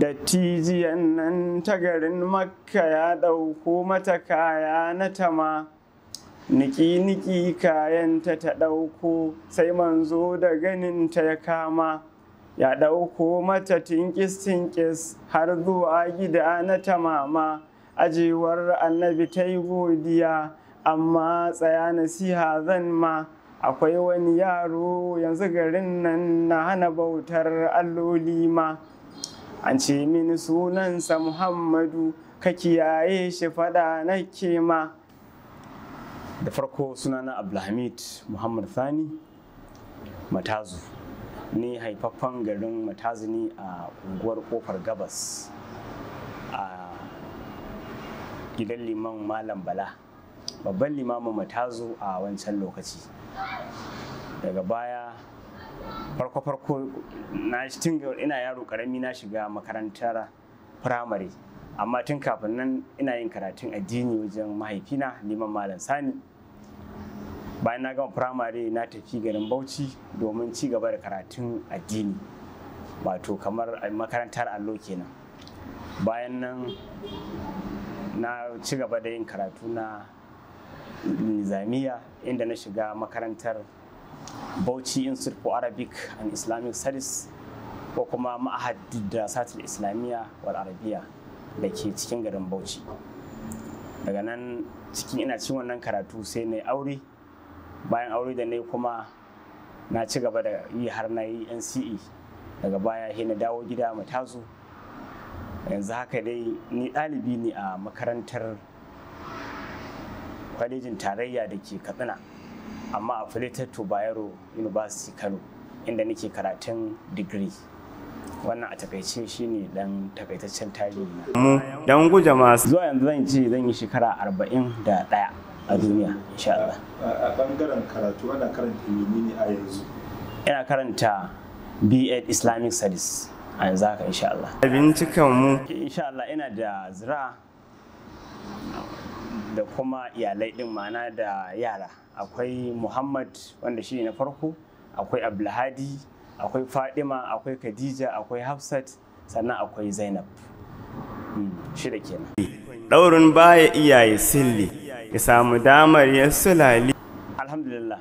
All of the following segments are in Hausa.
tijiyan nan ta garin makka ya ɗauko mata kaya na tama niki-niki kayanta ta ɗauko sai manzo da ganinta ya kama ya ɗauko mata tinkis-tinkis har zuwa gida na tamama ajewar annabi ta yi godiya amma tsaya nasiha zan ma akwai wani yaro yanzu garin nan na hana bautar alloli ma an ce mini sunansa muhammadu ka kiyaye shi faɗa na ma da farko sunana abdulhamid muhammad thani matazu ni haifaffen garin matazu ne a unguwar kofar gabas a gidan liman malam bala babban limamin matazu a wancan lokaci daga baya farko farko na tun ina yaro karami na shiga makarantar firamare amma tun kafin nan ina yin karatun addini wajen mahaifina neman malam sani bayan na gama firamare na tafi garin bauchi domin ci gaba da karatun addini wato kamar makarantar allo kenan bayan nan na ci gaba da yin karatu na nizamiya inda na shiga makarantar Bauchi Institute for Arabic and Islamic Studies ko kuma ma'ahad Dirasatul Islamiyya wal Arabiya da ke cikin garin Bauchi. Daga nan cikin ina cin wannan karatu sai na aure bayan aure da na kuma na ci gaba da yi har na yi NCE daga baya sai na dawo gida matazu yanzu haka dai ni ɗalibi ne a makarantar kwalejin tarayya da ke Katsina. amma affiliated to bayero university kano inda nake karatun digiri wannan a takaice shine dan takaitaccen tarihi mu yan guje masu zuwa yanzu zan ce zan yi shekara arba'in da ɗaya a duniya insha Allah a bangaren karatu ana karanta ne a yanzu ina karanta B.Ed Islamic Studies a yanzu haka insha Allah bincikan mu insha Allah ina da zira da kuma iyalai din ma'ana da yara akwai muhammad wanda shi na farko akwai abdulhadi akwai fadima akwai khadija akwai hafsat sannan akwai zainab hmm, shida kenan daurin baya iyaye silli ya samu damar ya sulali alhamdulillah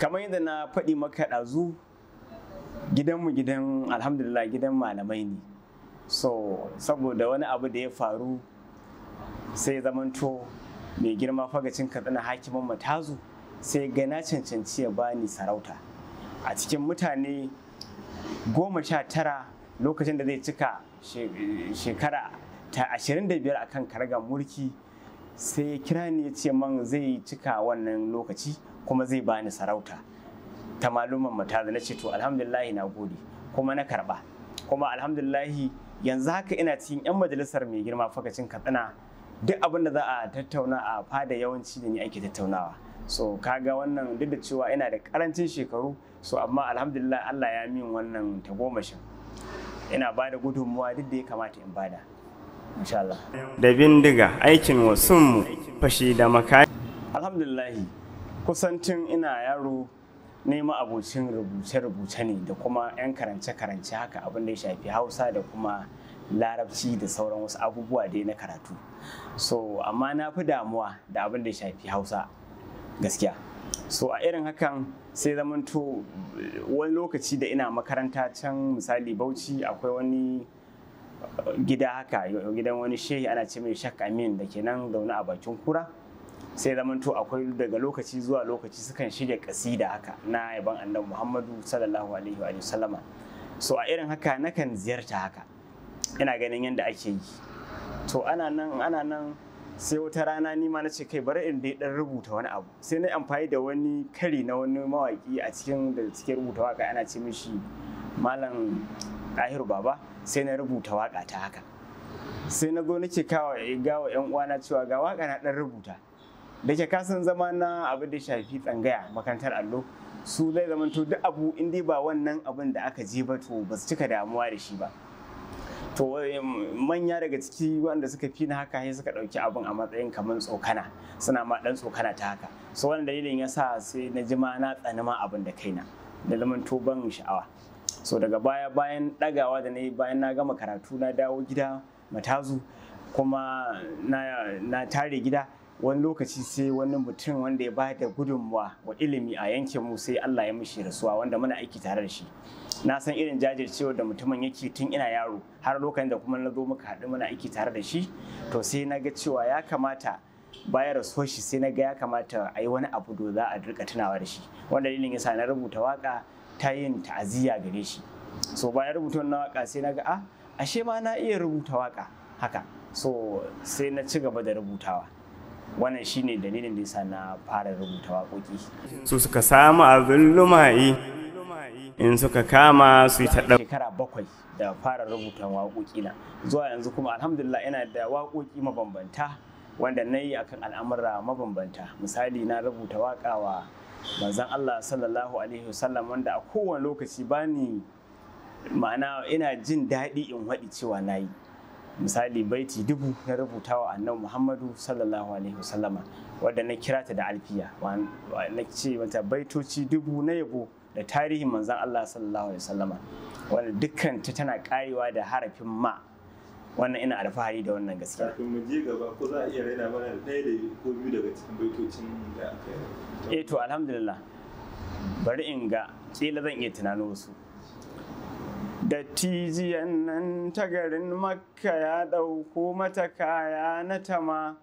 kamar yadda na faɗi maka ɗazu gidanmu gidan alhamdulillah gidan malamai ne so saboda wani abu da ya faru sai zamanto mai girma fagacin katsina hakiman matazu sai ga na cancanci ya bani sarauta a cikin mutane goma sha tara lokacin da zai cika shekara ta ashirin da biyar akan karagar mulki sai ya kira ni ya ce man zai cika wannan lokaci kuma zai bani sarauta ta maluman mata da na ce to alhamdulillahi na gode kuma na karba kuma alhamdulillahi yanzu haka ina cikin 'yan majalisar mai girma fakacin katsina duk abin da za a tattauna a fada yawanci da ni ake tattaunawa so kaga wannan duk da cewa ina da karancin shekaru so amma alhamdulillah Allah ya min wannan tagomashin ina ba da gudunmuwa duk da ya kamata in bada insha Allah da bindiga aikin wasunmu fashi da makai alhamdulillah kusantin ina yaro nema abocin rubuce-rubuce ne da kuma 'yan karance-karance haka abin da ya shafi hausa da kuma larabci da sauran wasu abubuwa dai na karatu so amma na fi damuwa da abin da ya shafi hausa gaskiya so a irin hakan sai to wani lokaci da ina makaranta can misali bauchi akwai wani uh, gida haka gidan wani shehi ana ce mai shak amin da ke nan zaune a bakin kura sai zamanto akwai daga lokaci zuwa lokaci sukan shirya kasida haka na yaban annabi muhammadu sallallahu alaihi wa sallama so a irin haka nakan ziyarta haka ina ganin yadda ake yi to ana nan ana nan sai wata rana ni ma na ce kai bari in dai dan rubuta wani abu sai na amfani da wani kari na wani mawaki a cikin da cikin rubuta waka ana ce mishi malam ɗahiru baba sai na rubuta waka ta haka sai na go nake kawo gawa yan uwana cewa ga waka na dan rubuta da ke kasan zama na abin da shafi tsangaya makarantar allo su zai zamanto duk abu in dai ba wannan abin da aka je ba to ba su cika damuwa da shi ba to manya daga ciki wanda suka fi na haka sai suka ɗauki abin a matsayin kamar tsokana suna ma ɗan tsokana ta haka so wannan dalilin ya sa sai na jima na tsani ma abin da kaina da zaman to ban sha'awa so daga baya bayan ɗagawa da na yi bayan na gama karatu na dawo gida matazu kuma na tare gida wani lokaci sai wani mutum wanda ya ba da gudunmuwa wa ilimi a yankin mu sai Allah ya mishi rasuwa wanda muna aiki tare da shi na san irin jajircewa da mutumin yake tun ina yaro har lokacin da kuma na zo muka haɗu muna aiki tare da shi to sai na ga cewa ya kamata bayan rasuwar shi sai na ga ya kamata a yi wani abu da za a rika tunawa da shi wanda dalilin yasa na rubuta waka ta yin ta'aziyya gare shi so bayan rubuta na waka sai na ga a ah, ashe ma na iya rubuta waka haka so sai na ci gaba da rubutawa wannan shine dalilin da yasa na fara rubuta waƙoƙi su suka samu abin lumayi in suka kama su yi taɗa shekara bakwai da fara rubuta waƙoƙi na zuwa yanzu kuma alhamdulillah yana da waƙoƙi mabambanta wanda na yi akan al'amura mabambanta misali na rubuta waƙa wa manzon Allah sallallahu alaihi wasallam wanda a kowane lokaci bani ma'ana ina jin daɗi in waɗi cewa na yi misali baiti dubu na rubuta wa annabi muhammadu sallallahu alaihi wasallama wadda na kira ta da alfiya na ce mata baitoci dubu na yabo da tarihin manzan allah sallallahu alaihi wasallama wadda dukkan ta tana karewa da harafin ma wannan ina alfahari da wannan gaskiya kafin mu je gaba ko za a iya raina mana ɗaya da ko biyu daga cikin baitocin da aka yi eh to alhamdulillah bari in ga kila zan iya tunanin wasu dattijiyan nan ta garin makka ya ɗauko mata kaya na tama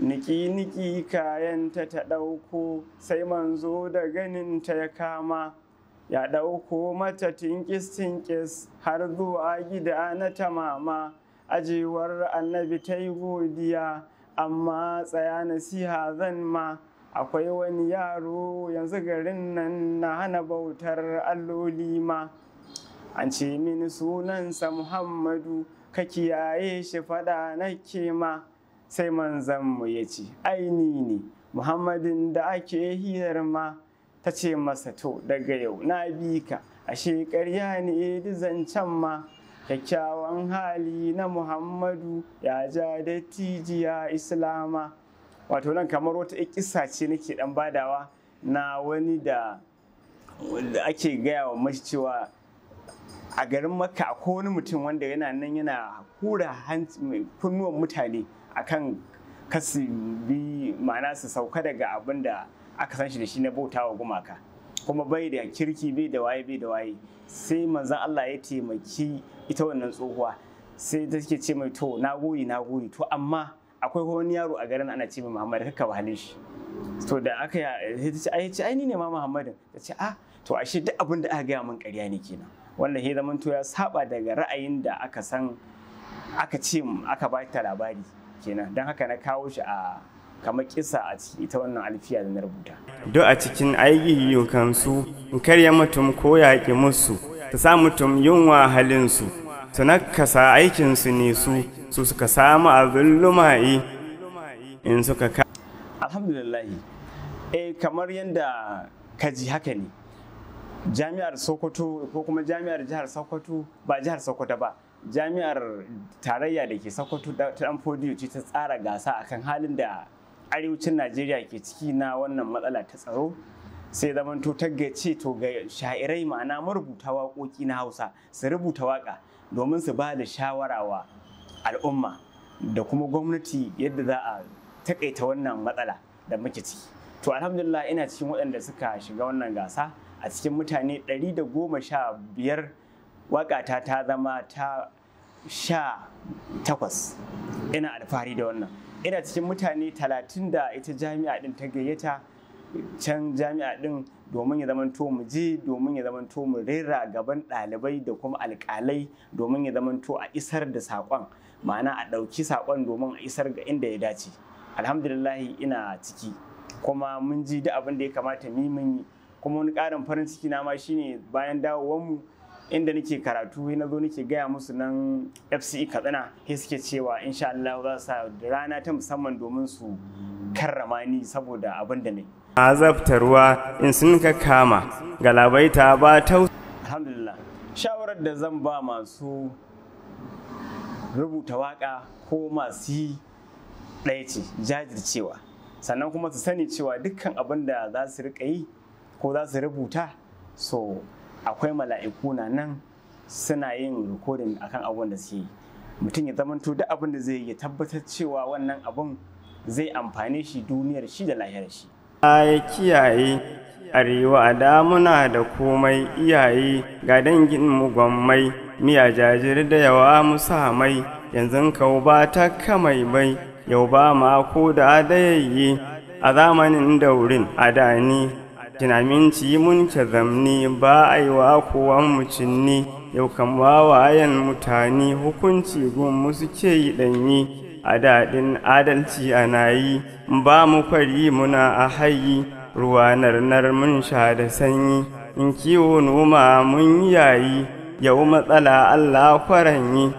niki-niki kayanta ta ɗauko sai manzo da ganinta ya kama ya ɗauko mata tinkis-tinkis har zuwa gida na tamama ajewar annabi ta yi godiya amma tsaya nasiha zan ma akwai wani yaro yanzu garin nan na hana bautar alloli ma an ce mini sunansa muhammadu ka kiyaye shi fada na ma sai manzanmu ya ce aini ne muhammadin da ake hirar ma ta ce masa to daga yau na bi ka a ƙarya ne edi zancen ma kyakkyawan hali na muhammadu ya ja da tijiya islama wato nan kamar wata ikisa ce nake dan badawa na wani da ake gaya wa mashi cewa a garin makka a wani mutum wanda yana nan yana hura kunnuwan mutane akan kasu bi ma'ana su sauka daga abin da aka san shi da shi na wa gumaka kuma bai da kirki bai da waye bai da waye sai manzan Allah ya taimaki ita wannan tsohuwa sai ta ce mai to na gori na gori to amma akwai wani yaro a garin ana ce mai Muhammad kakka wahale shi to da aka yi eh, ta ce ai ni ne ma Muhammadin ta ce ah to ashe duk abin da aka gaya mun karya ne kenan wannan he zaman to ya saba daga ra'ayin da aka san aka ce aka ba ta labari kenan don haka na kawo shi a kamar kisa a ciki ita wannan alfiya da na rubuta. Do a cikin aiki yukansu, karya mutum ko yaƙi musu, ta sa mutum yunwa halinsu, su nakasa aikinsu ne su, su suka samu abin luma'i in suka ka Alhamdulillah, eh kamar yadda ka ji haka ne jami'ar sokoto ko kuma jami'ar jihar sokoto ba jihar sokoto ba jami'ar tarayya da ke sokoto ta dan fodiyo ce ta tsara gasa akan halin da arewacin najeriya ke ciki na wannan matsala ta tsaro sai zaman to gace to ga sha'irai ma'ana marubuta waƙoƙi na hausa su rubuta waƙa domin su ba da shawara wa al'umma da kuma gwamnati yadda za a takaita wannan matsala da muke ciki to alhamdulillah ina cikin waɗanda suka shiga wannan gasa a cikin mutane ɗari 115 wakata ta zama ta sha takwas ina alfahari da wannan ina cikin mutane talatin da ita jami'a ɗin ta gayyata can jami'a ɗin domin ya zamanto mu je domin ya to mu rera gaban ɗalibai da kuma alƙalai domin ya zamanto a isar da saƙon ma'ana a ɗauki saƙon domin a isar ga inda ya dace alhamdulillahi ina ciki kuma mun ji da abin da ya kamata ni mun yi kuma wani ƙarin farin ciki na ma shine bayan mu inda nake karatu na zo nake gaya musu nan fce katsina sai suke cewa insha Allah za su da rana ta musamman domin su karrama ni saboda abin da ne ruwa in sun ka kama galabaita ba ta alhamdulillah shawarar da zan ba masu rubuta waƙa ko masu yi ɗaya ce jajircewa sannan kuma su sani cewa dukkan abin da za su riƙa yi ko za su rubuta so akwai mala'iku na nan suna yin rikodin akan abin da suke yi mutum ya zamanto duk abin da zai ya tabbatar cewa wannan abin zai amfane shi duniyar shi da lahirar shi ya kiyaye arewa a damuna da komai iyaye ga dangin gwammai miya jajir da yawa musa mai yanzu kau ba ta kamai bai yau ba ma ko da adayayye a zamanin daurin adani tunaminci mun ke zamni ba a yi wa kowan mucinni yau kan wawayen mutane hukunci gun musu ke yi ɗanyi a daɗin adalci ana yi ba mu kwari muna a hayi ruwa narnar mun sha da sanyi in kiwo noma mun yayi yau matsala Allah kwaranyi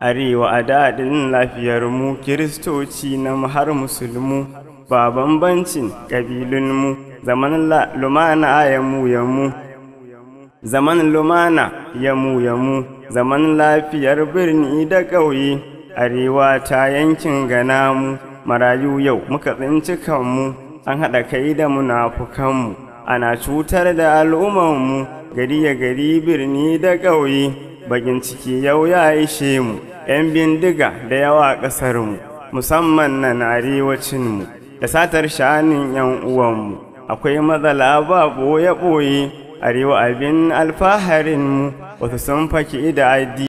arewa a daɗin lafiyarmu kiristoci na har musulmu ba bambancin ƙabilunmu zaman lumana ya mu zaman lumana ya mu zaman lafiyar birni da ƙauye arewa ta yankin gana mu, marayu yau muka tsinci kanmu an haɗa kai da munafukanmu ana cutar da al'ummanmu gari ya gari birni da ƙauye bakin ciki yau ya ishe mu 'yan bindiga da yawa ƙasarmu musamman nan arewacinmu da satar shanin 'yan uwanmu akwai matsala ba ɓoye-ɓoye arewa abin alfaharinmu wasu sun faki da